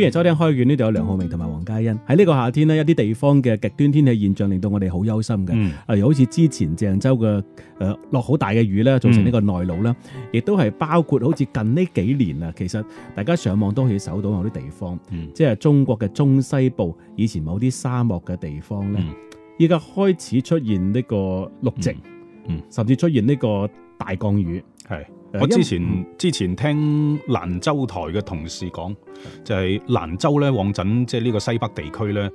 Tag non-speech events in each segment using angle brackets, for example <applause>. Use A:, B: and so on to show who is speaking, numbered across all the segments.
A: 今日收聽開卷，呢度有梁浩明同埋黃嘉欣。喺呢個夏天呢，一啲地方嘅極端天氣現象令到我哋好憂心嘅。嗯，啊，好似之前鄭州嘅誒落好大嘅雨咧，造成呢個內澇啦，亦、嗯、都係包括好似近呢幾年啊，其實大家上網都可以搜到某啲地方，嗯、即係中國嘅中西部以前某啲沙漠嘅地方咧，依、嗯、家開始出現呢個綠植、嗯嗯，甚至
B: 出現呢個大降雨。係，我之前之前聽蘭州台嘅同事講，就係、是、蘭州咧，往陣即係呢個西北地區咧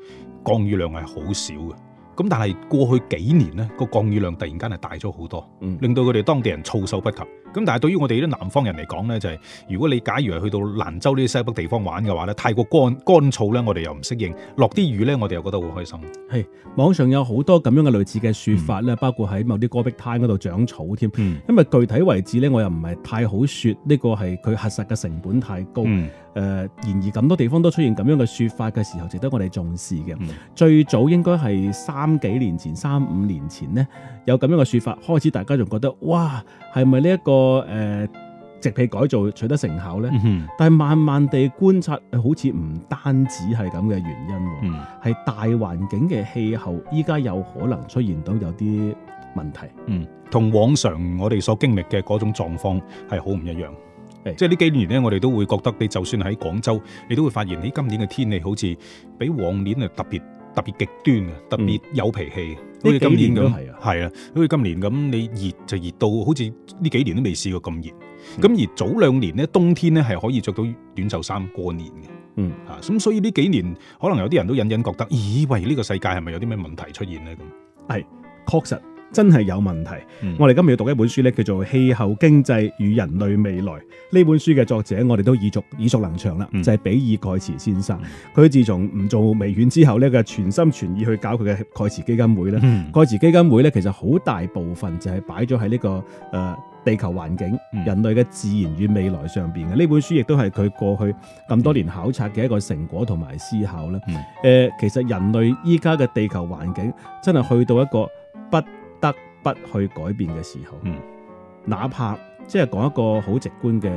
B: 降雨量係好少嘅，咁但係過去幾年咧個降雨量突然間係大咗好多，令到佢哋當地人措手不及。咁但係對於我哋啲南方人嚟講咧，就係、是、如果你假如係去到蘭州呢啲西北地方玩嘅話咧，太過乾乾燥咧，我哋又唔適應，落啲雨咧，我哋又覺得好開心。係網上有好多咁樣嘅類似嘅說法咧、嗯，包括喺某啲戈壁灘嗰度長
A: 草添、嗯。因為具體位置咧，我又唔係太好說呢、這個係佢核實嘅成本太高。誒、嗯呃，然而咁多地方都出現咁樣嘅說法嘅時候，值得我哋重視嘅、嗯。最早應該係三幾年前、三五年前咧，有咁樣嘅說法，開始大家就覺得哇，係咪呢一個。個誒，植被改造取得成效咧、嗯，但係慢慢地觀察，好似唔單止係咁嘅原因，係、嗯、大
B: 環境嘅氣候，依家有可能出現到有啲問題。嗯，同往常我哋所經歷嘅嗰種狀況係好唔一樣。誒，即係呢幾年咧，我哋都會覺得你就算喺廣州，你都會發現，你今年嘅天氣好似比往年誒特別。特別極端嘅，特別有脾氣，好似今年咁，係啊，好似今年咁，你熱就熱到好似呢幾年都未試、啊啊、過咁熱，咁、嗯、而早兩年咧，冬天咧係可以着到短袖衫過年嘅，嗯，啊，咁所以呢幾年可能有啲人都隱隱覺得，咦，喂，呢個世界係咪有啲咩問題出現咧咁？係，確實。真係有問題。嗯、我
A: 哋今日要讀一本書呢，叫做《氣候經濟與人類未來》。呢本書嘅作者，我哋都耳熟耳熟能詳啦，就係、是、比爾蓋茨先生。佢、嗯、自從唔做微軟之後呢，佢全心全意去搞佢嘅蓋茨基金會咧、嗯。蓋茨基金會呢，其實好大部分就係擺咗喺呢個地球環境、嗯、人類嘅自然與未來上面嘅。呢本書亦都係佢過去咁多年考察嘅一個成果同埋思考啦、嗯呃。其實人類依家嘅地球環境真係去到一個不不去改變嘅時候，嗯、哪怕即係、就是、講一個好直觀嘅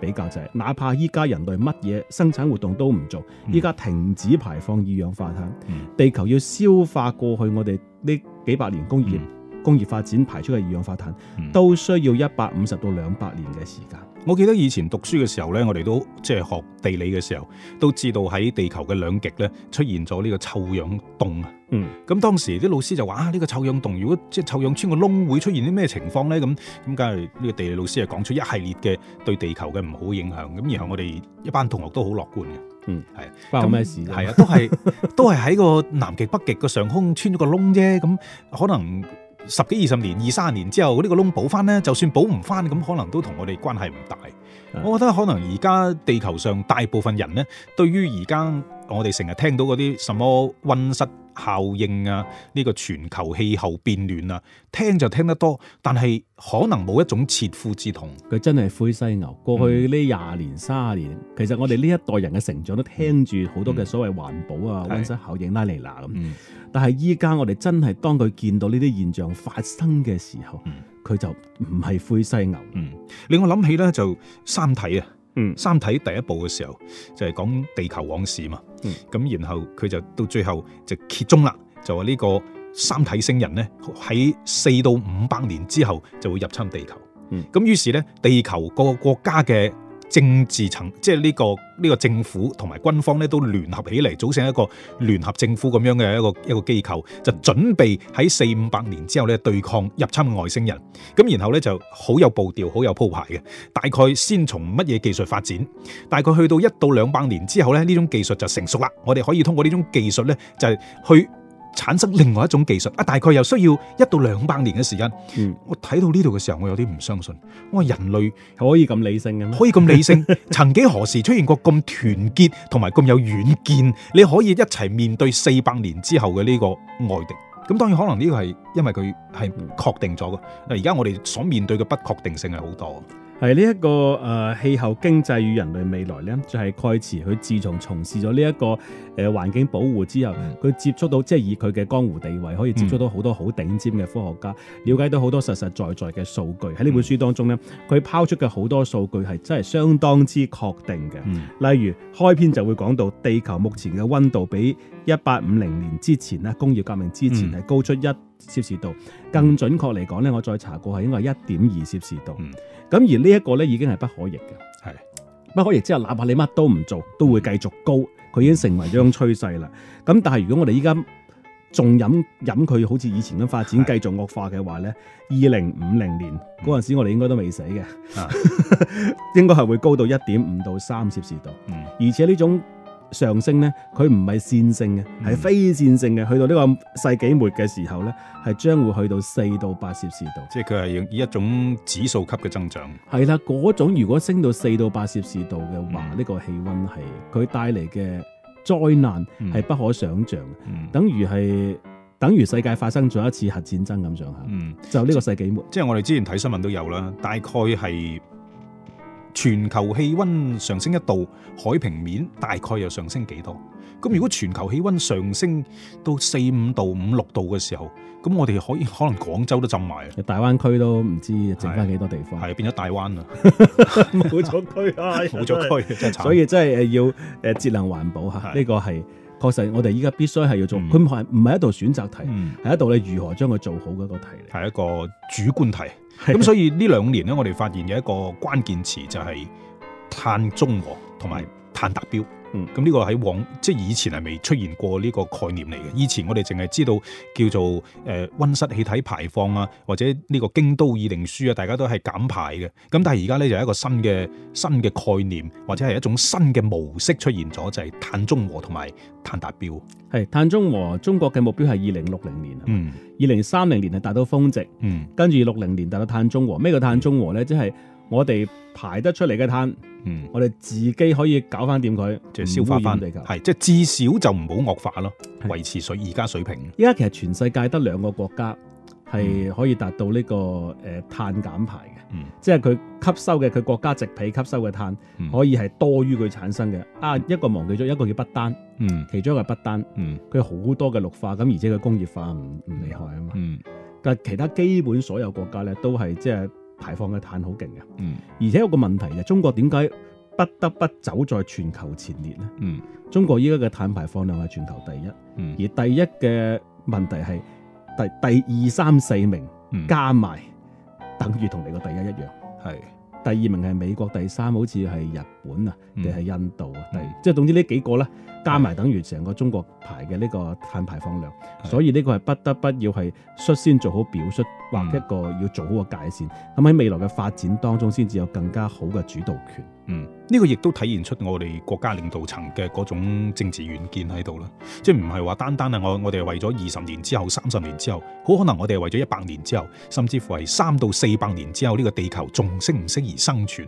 A: 比較、嗯、就係、是，哪怕依家人類乜嘢生產活動都唔做，依、嗯、家停止排放二氧化碳，嗯、地球要消化過去我哋呢幾百年工業，業，嗯工業發展排出嘅二氧化碳
B: 都需要一百五十到兩百年嘅時間。我記得以前讀書嘅時候咧，我哋都即係、就是、學地理嘅時候，都知道喺地球嘅兩極咧出現咗呢個臭氧洞啊。嗯，咁當時啲老師就話：呢、啊呢個臭氧洞如果即係臭氧穿個窿，會出現啲咩情況咧？咁咁，梗係呢個地理老師係講出一系列嘅對地球嘅唔好影響。咁然後我哋一班同學都好樂觀嘅。嗯，係。冇咩事。係啊，都係 <laughs> 都係喺個南極、北極個上空穿咗個窿啫。咁可能。十幾二十年、二三十年之後，呢個窿補翻呢，就算補唔翻，咁可能都同我哋關係唔大。我覺得可能而家地球上大部分人呢，對於而家。我哋成日聽到嗰啲什麼温室效應啊，呢、這個全球氣候變暖啊，聽就聽得多，但係可能冇一種切膚之痛。佢真係灰犀牛。過去呢廿年三十年、
A: 嗯，其實我哋呢一代人嘅成長都聽住好多嘅所謂環保啊、温、嗯、室效應拉嚟拉咁。但係依家我哋真係當佢見到呢啲現象發生嘅時候，佢、嗯、
B: 就唔係灰犀牛。令、嗯、我諗起咧就三體啊。嗯、三體第一部嘅時候就係、是、講地球往事嘛，咁、嗯、然後佢就到最後就揭盅啦，就話呢個三體星人咧喺四到五百年之後就會入侵地球，咁、嗯、於是咧地球各個國家嘅。政治層，即係呢個呢個政府同埋軍方咧都聯合起嚟，組成一個聯合政府咁樣嘅一個一個機構，就準備喺四五百年之後咧對抗入侵外星人。咁然後咧就好有步調，好有鋪排嘅。大概先從乜嘢技術發展，大概去到一到兩百年之後咧，呢種技術就成熟啦。我哋可以通過呢種技術咧，就係去。產生另外一種技術啊！大概又需要一到兩百年嘅時間。嗯、我睇到呢度嘅時候，我有啲唔相信。我話人類可以咁理性嘅咩？可以咁理性？ <laughs> 曾幾何時出現過咁團結同埋咁有遠見？你可以一齊面對四百年之後嘅呢個外敵。咁當然可能呢個係因為佢係確定咗嘅。而、嗯、家我哋所面對嘅不確定性係好多。係呢一個誒、呃、氣候經濟與人類未
A: 來呢就係、是、蓋茨佢自從從事咗呢一個誒、呃、環境保護之後，佢接觸到即係、就是、以佢嘅江湖地位，可以接觸到好多好頂尖嘅科學家，嗯、了解到好多實實在在嘅數據。喺呢本書當中呢，佢拋出嘅好多數據係真係相當之確定嘅、嗯。例如開篇就會講到地球目前嘅溫度比一八五零年之前咧，工業革命之前係、嗯、高出一攝氏度，更準確嚟講咧，我再查過係應該係一點二攝氏度。咁、嗯、而呢一個咧已經係不可逆嘅，係不可逆之後，哪怕你乜都唔做，都會繼續高。佢已經成為一種趨勢啦。咁、嗯、但係如果我哋依家仲飲飲佢，好似以前咁發展，繼續惡化嘅話咧，二零五零年嗰陣時我，我哋 <laughs> 應該都未死嘅，應該係會高到一點五到三攝氏度。嗯、而且呢種上升咧，佢唔係線性嘅，係、嗯、非線性嘅。去到呢個世紀末嘅時候咧，係將會去到四到八攝氏度。
B: 即係佢係以一種指數級嘅增長。
A: 係啦，嗰種如果升到四到八攝氏度嘅話，呢、嗯個氣温係佢帶嚟嘅災難係不可想像、嗯。等於
B: 係等於世界發生咗一次核戰爭咁上下。嗯，就呢個世紀末。即係我哋之前睇新聞都有啦，大概係。全球氣溫上升一度，海平面大概又上升幾多？咁如果全球氣溫上升到四五度、五六度嘅時候，咁我哋可以可能廣州都浸埋，大灣區都唔知剩翻幾多地方，係變咗大灣，冇
A: 咗區，冇咗區，真係慘。所以真係誒要誒節能環保吓，呢個係確實我哋依家必須係要做。佢唔係
B: 唔係一道選擇題，係、嗯、一道你如何將佢做好嘅個題，係一個主觀題。咁所以呢兩年咧，我哋發現有一個關鍵詞就係碳中和同埋碳達標。咁、嗯、呢、這個喺往即係以前係未出現過呢個概念嚟嘅。以前我哋淨係知道叫做誒温、呃、室氣體排放啊，或者呢個京都議定書啊，大家都係減排嘅。咁但係而家咧就係、一個新嘅新嘅概念，或者係一種新嘅模式出現咗，就係、是、碳中和同埋碳達標。係碳中和，中
A: 國嘅目標係二零六零年。嗯。二零三零年係達到峰值。嗯。跟住六零年達到碳中和。咩叫碳中和咧？即、就、係、是、我哋排得出嚟嘅碳。嗯，我哋自己可以搞翻掂佢，即係、消化翻，係即
B: 係至少就唔好惡化咯，維持水而家水平。
A: 依家其實全世界得兩個國家係可以達到呢個誒碳減排嘅、嗯，即係佢吸收嘅，佢國家植被吸收嘅碳、嗯、可以係多於佢產生嘅。啊、嗯，一個忘記咗，一個叫不丹，嗯，其中一個係不丹，嗯，佢好多嘅綠化，咁而且佢工業化唔唔厲害啊嘛，嗯，但係其他基本所有國家咧都係即係。排放嘅碳好勁嘅，而且有個問題，就中國點解不得不走在全球前列咧，嗯？中國依家嘅碳排放量係全球第一，嗯，而第一嘅問題係第第二三四名加埋，嗯，等於同你個第一一樣。係。第二名係美國，第三名好似係日本啊，定係印度啊，嗯嗯、即係總之呢幾個呢，加埋等於成個中國排嘅呢個碳排放量，嗯、所以呢個係不得不要係率先做好表率，或一個要做好嘅界
B: 線，咁、嗯、喺未來嘅發展當中，先至有更加好嘅主導權。嗯，呢、這個亦都體現出我哋國家領導層嘅嗰種政治遠見喺度啦，即係唔係話單單係，我我哋係為咗二十年之後，三十年之後，好可能我哋係為咗一百年之後，甚至乎係三到四百年之後呢，這個地球仲適唔適宜生存，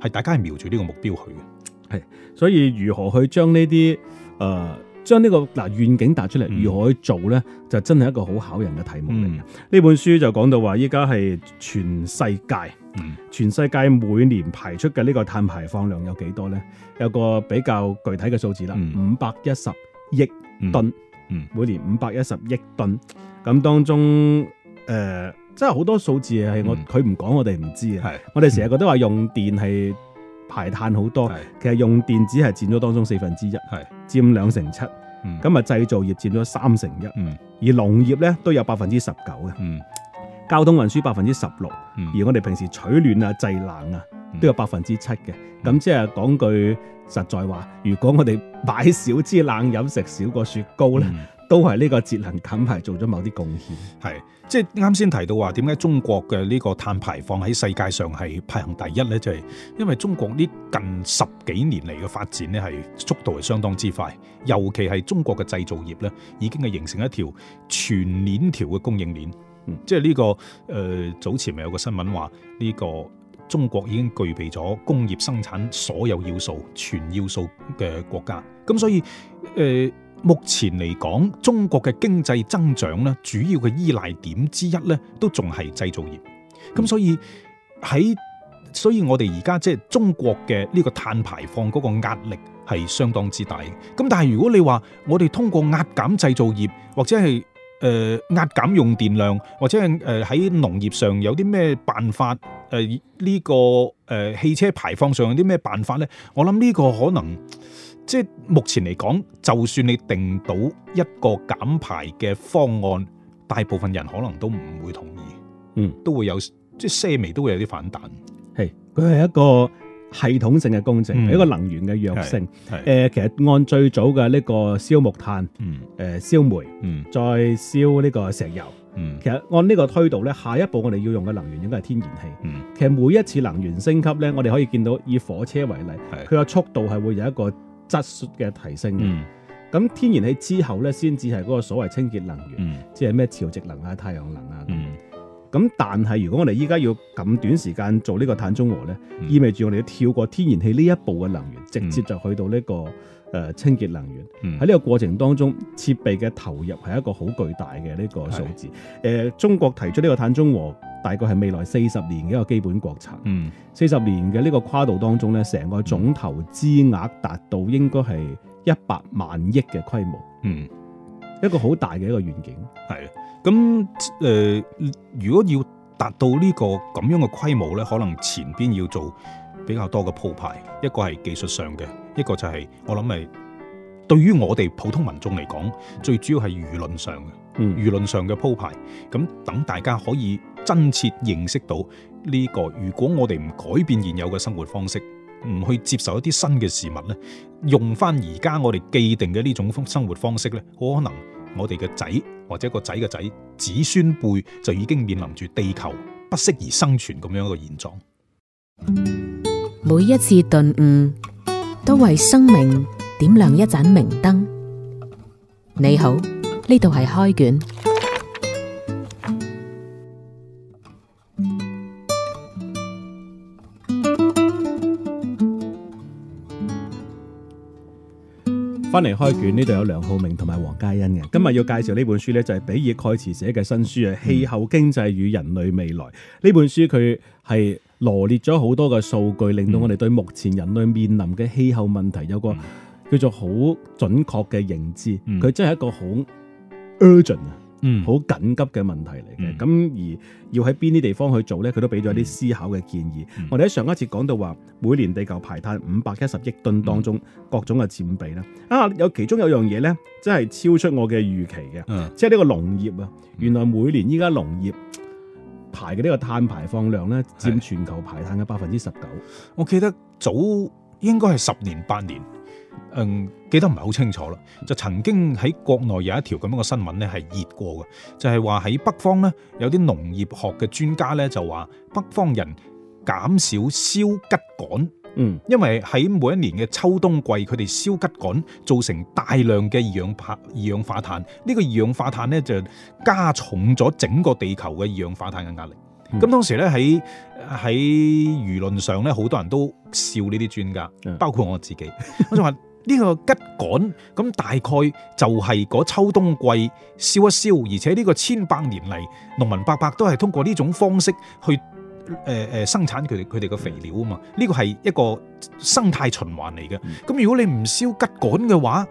B: 係大家係瞄住呢個目標去嘅。係，所以如何去將呢啲誒，呃將呢個嗱願景達出嚟，如何
A: 去做咧，嗯？就真係一個好考人嘅題目嚟。呢、嗯、本書就講到話，依家係全世界、嗯，全世界每年排出嘅呢個碳排放量有幾多咧？有個比較具體嘅數字啦，五百一十億噸，每年五百一十億噸。咁當中，誒、呃，即係好多數字係我佢唔講，我哋唔知啊。係，我哋成日覺得話用電係。排碳好多，其實用電只係佔咗當中四分之一，佔兩成七，咁、嗯、啊製造業佔咗三成一，嗯、而農業咧都有百分之十九嘅，交通運輸百分之十六，而我哋平時取暖啊、製冷啊都有百分之七嘅，咁即係講句實在話，如果我哋買少支冷飲，食少個雪糕咧。嗯都係呢
B: 個節能減排做咗某啲貢獻，係即係啱先提到話，點解中國嘅呢個碳排放喺世界上係排行第一呢？就係、是、因為中國呢近十幾年嚟嘅發展呢，係速度係相當之快，尤其係中國嘅製造業呢，已經係形成一條全鏈條嘅供應鏈。即係呢個誒、呃、早前咪有個新聞話，呢、這個中國已經具備咗工業生產所有要素全要素嘅國家，咁所以誒。呃目前嚟講，中國嘅經濟增長咧，主要嘅依賴點之一咧，都仲係製造業。咁、嗯、所以喺，所以我哋而家即係中國嘅呢個碳排放嗰個壓力係相當之大嘅。咁但係如果你話我哋通過壓減製造業或者係誒、呃、壓減用電量或者係誒喺農業上有啲咩辦法誒呢、呃呢個誒、呃、汽車排放上有啲咩辦法咧？我諗呢個可能。即係目前嚟講，就算你定到一個減排嘅方案，大部分人可能都唔會同意，嗯，都會有即係些微都會有啲反彈。
A: 係，佢係一個系統性嘅工程，嗯、一個能源嘅躍升誒、呃，其實按最早嘅呢個燒木炭，嗯，誒、呃、燒煤，嗯，再燒呢個石油，嗯，其實按呢個推導咧，下一步我哋要用嘅能源應該係天然氣。嗯，其實每一次能源升級咧，我哋可以見到以火車為例，佢個速度係會有一個。質素嘅提升，咁、嗯、天然氣之後咧，先至係嗰個所謂清潔能源，嗯、即係咩潮汐能啊、太陽能啊咁。咁、嗯、但係如果我哋依家要咁短時間做呢個碳中和咧、嗯，意味住我哋要跳過天然氣呢一步嘅能源、嗯，直接就去到呢個誒清潔能源。喺、嗯、呢個過程當中，設備嘅投入係一個好巨大嘅呢個數字、呃。中國提出呢個碳中和。大概係未來四十年嘅一個基本國策。嗯，四十年嘅呢個跨度當中咧，成個總投資額達到應該係一百萬億嘅規模。嗯，一個好大
B: 嘅一個願景。係，咁誒、呃，如果要達到呢、這個咁樣嘅規模咧，可能前邊要做比較多嘅鋪排。一個係技術上嘅，一個就係、是、我諗係對於我哋普通民眾嚟講、嗯，最主要係輿論上嘅。嗯、輿論上嘅鋪排，咁等大家可以真切認識到呢個。如果我哋唔改變現有嘅生活方式，唔去接受一啲新嘅事物咧，用翻而家我哋既定嘅呢種生活方式咧，可能我哋嘅仔或者個仔嘅仔子孫輩就已經面臨住地球不適宜生存咁樣一個現狀。
A: 每一次頓悟，都為生命點亮一盞明燈。你好。呢度係開卷，翻嚟開卷，呢度有梁浩明同埋黃嘉欣嘅。今日要介紹呢本書呢、就係，就係比爾蓋茨寫嘅新書啊、嗯，《氣候經濟與人類未來》呢本書佢係羅列咗好多嘅數據，令到我哋對目前人類面臨嘅氣候問題有個叫做好準確嘅認知。佢真係一個好。urgent 啊、嗯，好緊急嘅問題嚟嘅，咁、嗯、而要喺邊啲地方去做咧，佢都俾咗一啲思考嘅建議。嗯嗯、我哋喺上一次講到話，每年地球排碳五百一十億噸當中，各種嘅佔比啦、嗯。啊有其中有樣嘢咧，真係超出我嘅預期嘅，即係呢個農業啊、嗯，原來每年依家農業排嘅呢個碳排放
B: 量咧，佔全球排碳嘅百分之十九。我記得早應該係十年八年。嗯，記得唔係好清楚啦，就曾經喺國內有一條咁樣嘅新聞咧，係熱過嘅，就係話喺北方咧有啲農業學嘅專家咧就話北方人減少燒秸稈，嗯，因為喺每一年嘅秋冬季佢哋燒秸稈造成大量嘅二氧化二氧化碳，呢、這個二氧化碳咧就加重咗整個地球嘅二氧化碳嘅壓力。咁、嗯、當時咧，喺喺輿論上咧，好多人都笑呢啲專家，包括我自己。我仲話呢個桔杆咁大概就係嗰秋冬季燒一燒，而且呢個千百年嚟農民伯伯都係通過呢種方式去誒誒、呃、生產佢哋佢哋嘅肥料啊嘛。呢個係一個生態循環嚟嘅。咁、嗯、如果你唔燒桔杆嘅話，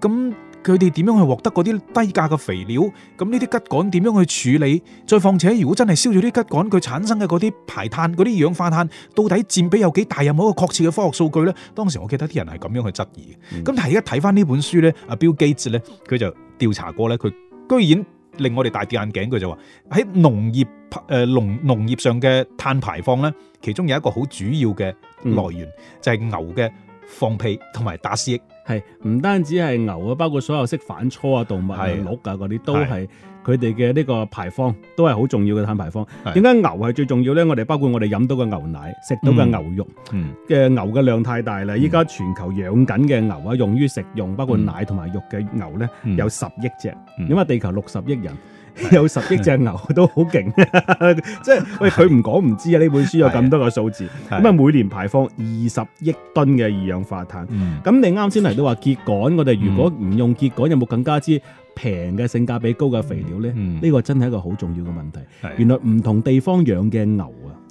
B: 咁佢哋點樣去獲得嗰啲低價嘅肥料？咁呢啲秸稈點樣去處理？再況且，如果真係燒咗啲秸稈，佢產生嘅嗰啲排碳、嗰啲二氧化碳，到底佔比有幾大？有冇一個確切嘅科學數據咧？當時我記得啲人係咁樣去質疑嘅。咁、嗯、但係而家睇翻呢本書咧，阿 Bill Gates 咧，佢就調查過咧，佢居然令我哋大跌眼鏡。佢就話喺農業誒農,農業上嘅碳排放咧，其中有一個好主要嘅來源、嗯、就係、是、牛嘅放屁同埋打思噎。係唔單止係牛啊，包括所有識反芻啊動物啊鹿啊
A: 嗰啲，都係佢哋嘅呢個排放，都係好重要嘅碳排放。點解牛係最重要呢？我哋包括我哋飲到嘅牛奶、食到嘅牛肉嘅、嗯嗯、牛嘅量太大啦！依、嗯、家全球養緊嘅牛啊，用於食用包括奶同埋肉嘅牛呢、嗯，有十億隻、嗯。因為地球六十億人。有十億隻牛都好勁，即係 <laughs> 喂，佢唔講唔知啊。呢本書有咁多個數字，咁啊每年排放二十億噸嘅二氧化碳。咁你啱先嚟到話秸稈，我哋如果唔用秸稈，有冇更加之平嘅性價比高嘅肥料咧？呢個真係一個好重要嘅問題。原來唔同地方養嘅牛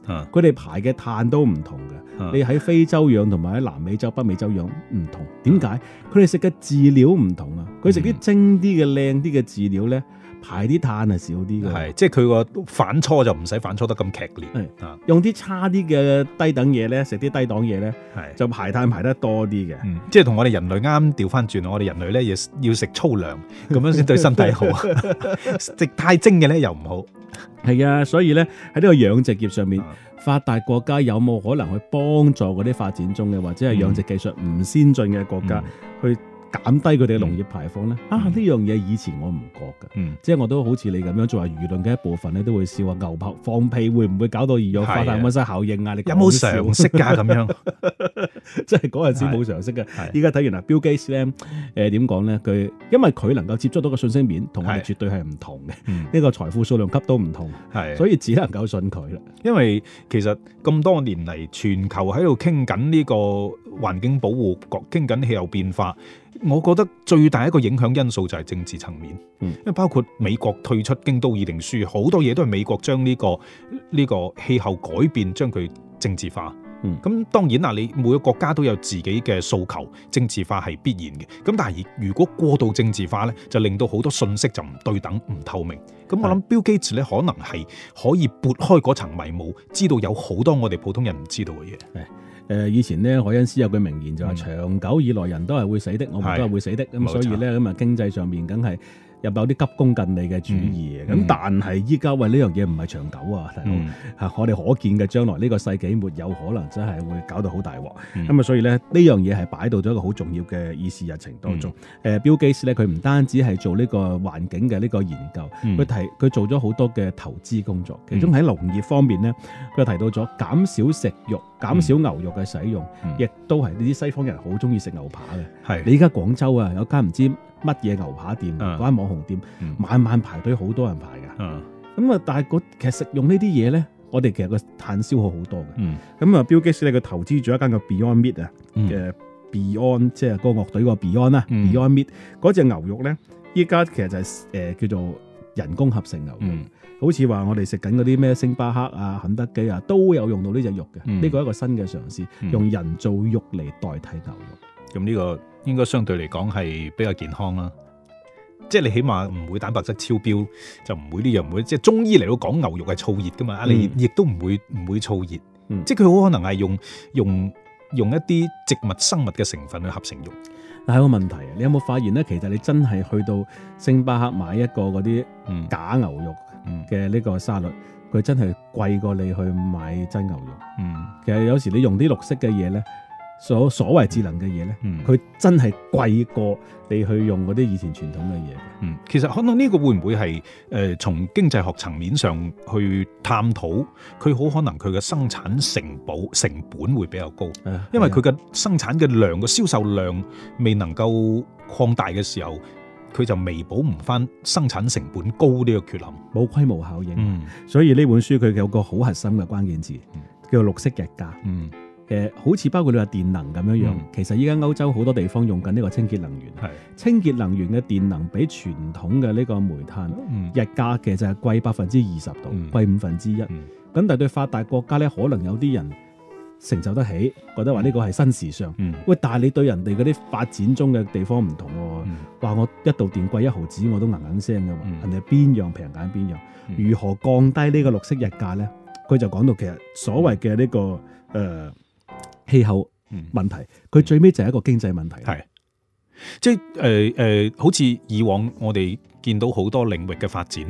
A: 啊，佢哋排嘅碳都唔同嘅。你喺非洲養同埋喺南美洲、北美洲養唔同，點解？佢哋食嘅飼料唔同啊，佢食啲精啲嘅靚啲嘅飼料咧。排啲碳係少啲嘅，係即係佢個反芻就唔使反芻得咁劇烈，
B: 用啲差啲嘅低等嘢咧，食啲低檔嘢咧，係就排碳排得多啲嘅、嗯，即係同我哋人類啱調翻轉，我哋人類咧要食粗糧咁樣先對身體好， <laughs> 食太精嘅咧又唔好，係啊，所以咧喺呢個養殖業上
A: 面，發達國家有冇可能去幫助嗰啲發展中嘅或者係養殖技術唔先進嘅國家、嗯、去？減低佢哋嘅農業排放咧，啊，呢樣嘢以前我唔覺㗎、嗯，即係我都好似你咁樣作為輿論嘅一部分咧，都會笑話牛排放屁會唔會搞到二氧化碳溫室效應啊？你有冇常識㗎？咁樣即係嗰陣時先冇常識嘅，依家睇完啦 Bill Gates 咧，誒點講咧？佢因為佢能夠接觸到嘅信息面同我
B: 哋絕對係唔同嘅，呢、嗯呢個財富數量級都唔同，係所以只能夠信佢啦。因為其實咁多年嚟，全球喺度傾緊呢個。環境保護，傾緊氣候變化，我覺得最大一個影響因素就係政治層面，因為、嗯、包括美國退出《京都議定書》，好多嘢都係美國將呢、呢個呢、呢個、氣候改變將佢政治化。咁、嗯、當然啦，你每個國家都有自己嘅訴求，政治化係必然嘅。咁但係如果過度政治化呢，就令到好多信息就唔對等、唔透明。咁我諗 Bill Gates 可能係可以撥開嗰層迷霧，知道有好多我哋普通人唔知道嘅嘢。嗯誒以前咧，凱恩斯有句名言就話：「長
A: 久以來人都係會死的，嗯、我們都係會死的」。咁所以咧，咁啊經濟上面梗係。入有啲急功近利嘅主意嘅，咁、嗯、但係依家喂呢樣嘢唔係長久啊，嗯、啊我哋可見嘅將來呢、呢個世紀沒有可能真係會搞到好大鑊。咁、嗯、啊，所以咧呢樣嘢係擺到咗一個好重要嘅議事日程當中。誒、嗯，Bill Gates 咧佢唔單止係做呢個環境嘅呢個研究，佢、嗯、提佢做咗好多嘅投資工作，其中喺農業方面咧，佢又提到咗減少食肉、減少牛肉嘅使用，亦都係呢啲西方人好中意食牛扒嘅。係你依家廣州啊，有間唔知。乜嘢牛扒店嗰間網紅店，晚、uh -huh. 晚排隊，好多人排噶。咁啊，但係其實食用呢啲嘢咧，我哋其實個碳消耗好多嘅。咁啊，Bill Gates 你佢投資咗一間叫 Beyond Meat 啊、uh、嘅 -huh. Beyond，即係嗰個樂隊個 Beyond 啊、uh -huh.。Beyond Meat 嗰隻牛肉咧，依家其實就係、是、誒、呃、叫做人工合成牛肉。Uh -huh. 好似話我哋食緊嗰啲咩星巴克啊、肯德基啊，都有用到呢隻肉嘅。呢、uh、個 -huh. 係一個新嘅嘗試，uh -huh. 用人造肉嚟代替牛肉。
B: 咁、uh、呢 -huh. 呢個。應該相對嚟講係比較健康啦，即係你起碼唔會蛋白質超標，就唔會呢樣唔會。即係中醫嚟到講，牛肉係燥熱㗎嘛，你亦都唔會唔會燥熱、嗯。即係佢好可能係用用用一啲植物生物嘅成分去合成肉。但係個問題啊，你有冇發現咧？其實你真係去到星巴克買一
A: 個嗰啲假牛肉嘅呢個沙律，佢、嗯嗯、真係貴過你去買真牛肉。嗯、其實有時你用啲綠色嘅嘢咧。所所謂智能嘅嘢咧，
B: 佢、嗯、真係貴過你去用嗰啲以前傳統嘅嘢。嗯，其實可能呢個會唔會係誒、呃、從經濟學層面上去探討？佢好可能佢嘅生產成本成本會比較高，啊、因為佢嘅生產嘅量嘅銷售量未能夠擴大嘅時候，佢就彌補唔翻生產成本高呢個缺陷。
A: 冇規模效應。嗯，所以呢本書佢有一個好核心嘅關鍵字、嗯，叫做綠色溢價。嗯。誒、呃，好似包括你話電能咁樣樣、嗯，其實依家歐洲好多地方用緊呢個清潔能源。係清潔能源嘅電能比傳統嘅呢個煤炭、嗯、日價嘅就係貴百分之二十度，貴五分之一。咁但係對發達國家咧，可能有啲人承受得起，覺得話呢個係新時尚。嗯、喂，但係你對人哋嗰啲發展中嘅地方唔同喎、啊，話、嗯、我一度電貴一毫子我都硬硬聲嘅喎。人哋邊樣、嗯、平揀邊樣、嗯，如何降低呢個綠色日價咧？佢就講到其實所謂嘅呢個誒。嗯呃氣候問題，佢、嗯、最尾就係一個經
B: 濟問題，係即係誒誒，好似以往我哋見到好多領域嘅發展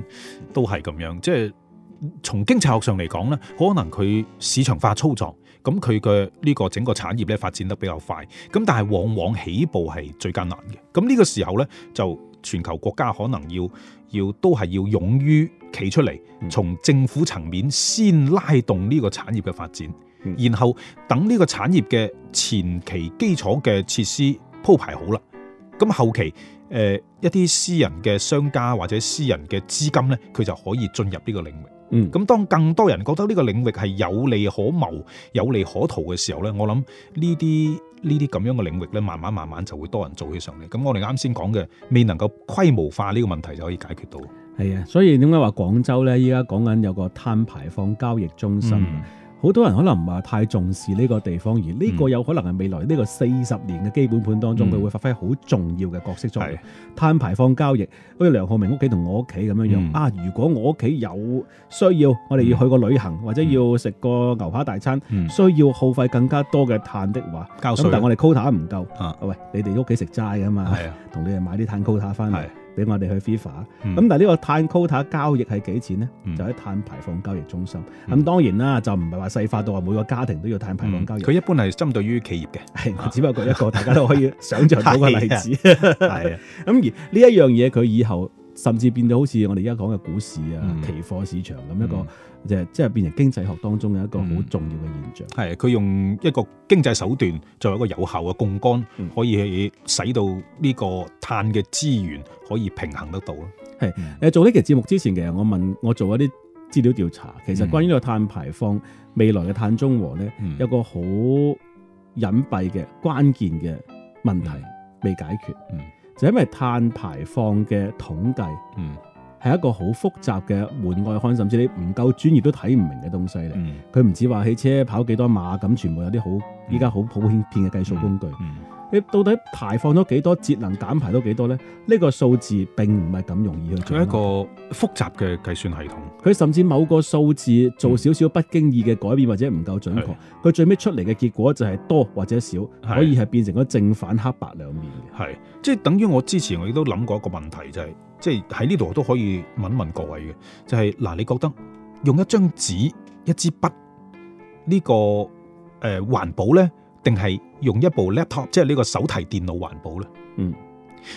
B: 都係咁樣，即、就、係、是、從經濟學上嚟講咧，可能佢市場化操作，咁佢嘅呢個整個產業咧發展得比較快，咁但係往往起步係最艱難嘅，咁呢個時候咧就全球國家可能要要都係要勇於企出嚟，從政府層面先拉動呢個產業嘅發展。然後等呢個產業嘅前期基礎嘅設施鋪排好啦，咁後期誒、呃、一啲私人嘅商家或者私人嘅資金呢，佢就可以進入呢個領域。嗯，咁當更多人覺得呢個領域係有利可謀、有利可圖嘅時候呢，我諗呢啲呢啲咁樣嘅領域呢，慢慢慢慢就會多人做起上嚟。咁我哋啱先講嘅未能夠規模化呢個問題就可以解決到。係啊，所以點解話廣州呢？依家講緊有個碳排放交易中心。嗯
A: 好多人可能唔係太重視呢個地方，而呢個有可能係未來呢個四十年嘅基本盤當中，佢、嗯、會發揮好重要嘅角色作用。碳排放交易好似梁浩明屋企同我屋企咁樣樣、嗯、啊！如果我屋企有需要，我哋要去個旅行或者要食個牛扒大餐、嗯，需要耗費更加多嘅碳的話，咁但係我哋 quota 唔夠啊！喂，你哋屋企食齋㗎嘛？係啊，同你哋買啲碳 quota 翻嚟。俾我哋去 FIFA，咁、嗯、但係呢個碳 quota 交易係幾錢咧、嗯？就喺、是、碳排放交易中心。咁、嗯、當然啦，就唔係話細化到話每個家庭都要碳排放交易。佢、嗯、一般係針對於企業嘅，係只不過一個 <laughs> 大家都可以想像到嘅例子。係啊，咁 <laughs> 而呢一樣嘢佢以後。甚至變到好似我哋而家講嘅股市啊、嗯、期貨市場咁一個，即係即係變成經濟學當中嘅
B: 一個好重要嘅現象。係、嗯、佢用一個經濟手段作為一個有效嘅槓桿，可以使到呢個碳嘅資源可以平衡得到咯。係、
A: 嗯、做呢期節目之前其實我問我做一啲資料調查，其實關於呢個碳排放未來嘅碳中和咧、嗯，有個好隱蔽嘅關鍵嘅問題、嗯、未解決。嗯就因、是、為碳排放嘅統計係、嗯、一個好複雜嘅門外漢，甚至你唔夠專業都睇唔明嘅東西嚟。佢、嗯、唔止話汽車跑幾多碼咁，全部有啲好依家好普遍嘅計數工具。嗯嗯嗯。你到底排放咗幾多？節能減排咗幾多咧？呢、這個數字並唔係咁容易去做一個複雜嘅計算系統。佢甚至某個數字做少少不經意嘅改變、嗯、或者唔夠準確，佢最尾出嚟嘅結果就係多或者少，可以係變成咗正
B: 反黑白兩面。係即係等於我之前我亦都諗過一個問題、就是，就係即係喺呢度都可以問問各位嘅，就係、是、嗱，你覺得用一張紙一支筆呢、這個誒、呃、環保咧？定係用一部 laptop，即係呢個手提電腦環保咧？嗯，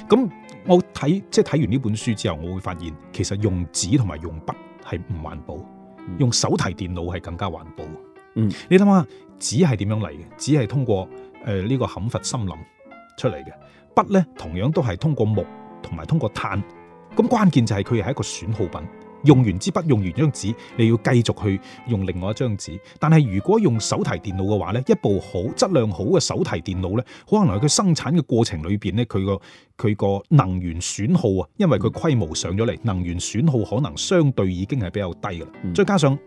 B: 咁我睇即係睇完呢本書之後，我會發現其實用紙同埋用筆係唔環保的、嗯，用手提電腦係更加環保的。嗯，你諗下，紙係點樣嚟嘅？紙係通過誒呢、呃這個砍伐森林出嚟嘅，筆咧同樣都係通過木同埋通過碳。咁關鍵就係佢係一個損耗品。用完支筆，用完張紙，你要繼續去用另外一張紙。但係如果用手提電腦嘅話呢，一部好質量好嘅手提電腦呢，可能佢生產嘅過程裏邊呢，佢個佢個能源損耗啊，因為佢規模上咗嚟，能源損耗可能相對已經係比較低噶啦、嗯。再加上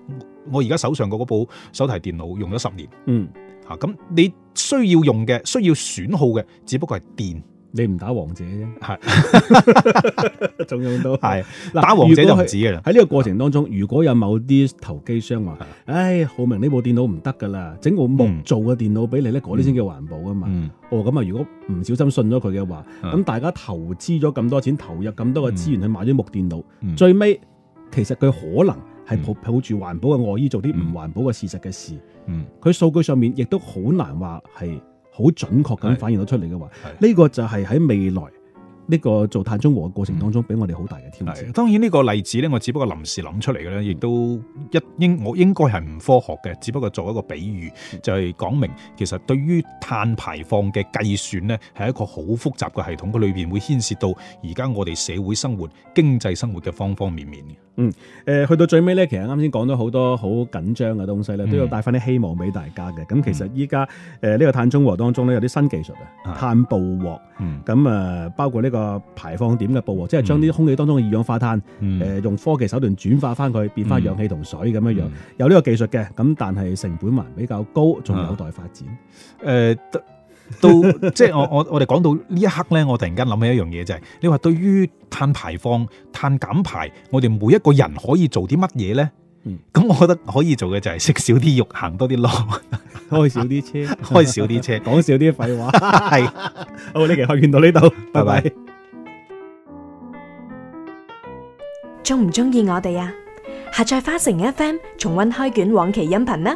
B: 我而家手上嗰部手提電腦用咗十年，嗯，嚇、啊、咁你需要用嘅，需要損耗嘅，只不過係電。你唔打王者啫，係仲 <laughs> 用到係
A: 嗱，打王者就唔止嘅啦。喺呢個過程當中，如果有某啲投機商話，唉，好、哎、明呢部電腦唔得噶啦，整部木做嘅電腦俾你咧，嗰啲先叫環保噶嘛、嗯。哦，咁啊，如果唔小心信咗佢嘅話，咁、嗯、大家投資咗咁多錢，投入咁多嘅資源去買啲木電腦，嗯、最尾其實佢可能係抱抱住環保嘅外衣做啲唔環保嘅事實嘅事。嗯，佢、嗯、數據上面亦都好難話係。好準確咁反映到出嚟嘅話，呢個就係喺未來呢個做碳中和嘅過程當中，俾我哋好大嘅挑戰。
B: 當然呢個例子咧，我只不過臨時諗出嚟嘅咧，亦都一應，我應該係唔科學嘅，只不過做一個比喻，就係講明其實對於碳排放嘅計算咧，係一個好複雜嘅系統，佢裏邊會牽涉到而家我哋社會生活、經濟生活嘅方方面面嘅。
A: 嗯，誒、呃、去到最尾咧，其實啱先講咗好多好緊張嘅東西咧、嗯，都要帶翻啲希望俾大家嘅。咁、嗯、其實依家誒呢個碳中和當中咧，有啲新技術啊、嗯，碳捕獲，咁、嗯、啊、嗯、包括呢個排放點嘅捕獲，即、就、係、是、將啲空氣當中嘅二氧化碳，誒、嗯呃、用科技手段轉化翻佢，變翻氧氣同水咁樣樣，嗯、有呢個技術嘅。咁但
B: 係成本還比較高，仲有待發展。誒、嗯。嗯呃 <laughs> 到即係、就是、我我我哋講到呢一刻咧，我突然間諗起一樣嘢就係、是，你話對於碳排放、碳減排，我哋每一個人可以做啲乜嘢咧？咁、嗯、我覺得可以做嘅就係食少啲肉，行多啲路，開少啲車，開少啲車， <laughs> 開少啲車 <laughs> 講少啲廢話。係 <laughs> <laughs> 好，呢期開卷到呢度，拜拜。中唔中意我哋啊？下載花城 FM 重溫開卷往期音頻呢。